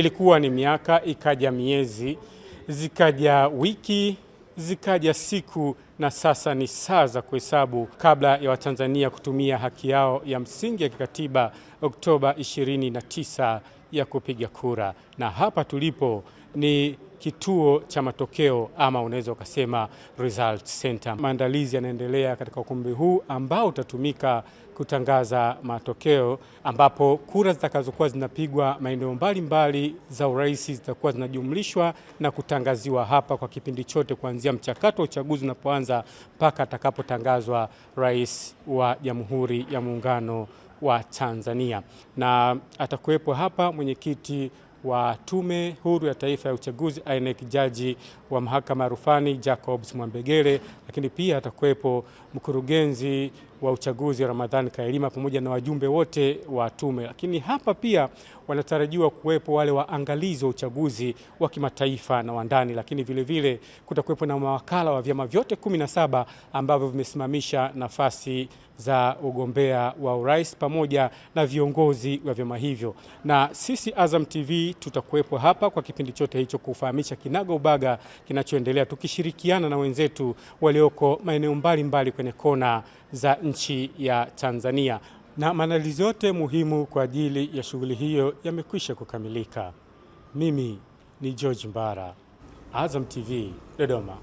Ilikuwa ni miaka ikaja miezi zikaja wiki zikaja siku na sasa ni saa za kuhesabu kabla ya Watanzania kutumia haki yao ya msingi ya kikatiba Oktoba 29 ya kupiga kura. Na hapa tulipo ni kituo cha matokeo ama unaweza ukasema result center. Maandalizi yanaendelea katika ukumbi huu ambao utatumika kutangaza matokeo, ambapo kura zitakazokuwa zinapigwa maeneo mbalimbali za urais zitakuwa zinajumlishwa na kutangaziwa hapa kwa kipindi chote kuanzia mchakato wa uchaguzi unapoanza mpaka atakapotangazwa rais wa Jamhuri ya Muungano wa Tanzania, na atakuwepo hapa mwenyekiti wa Tume Huru ya Taifa ya Uchaguzi INEC, jaji wa mahakama ya rufani Jacobs Mwambegele, lakini pia atakuwepo mkurugenzi wa uchaguzi Ramadhan Kailima pamoja na wajumbe wote wa tume. Lakini hapa pia wanatarajiwa kuwepo wale waangalizi wa uchaguzi wa kimataifa na wa ndani, lakini vilevile kutakuwepo na mawakala wa vyama vyote kumi na saba ambavyo vimesimamisha nafasi za ugombea wa urais pamoja na viongozi wa vyama hivyo, na sisi Azam TV tutakuwepo hapa kwa kipindi chote hicho kufahamisha kinaga ubaga kinachoendelea, tukishirikiana na wenzetu walioko maeneo mbalimbali kwenye kona za nchi ya Tanzania na maandalizi yote muhimu kwa ajili ya shughuli hiyo yamekwisha kukamilika. Mimi ni George Mbara, Azam TV, Dodoma.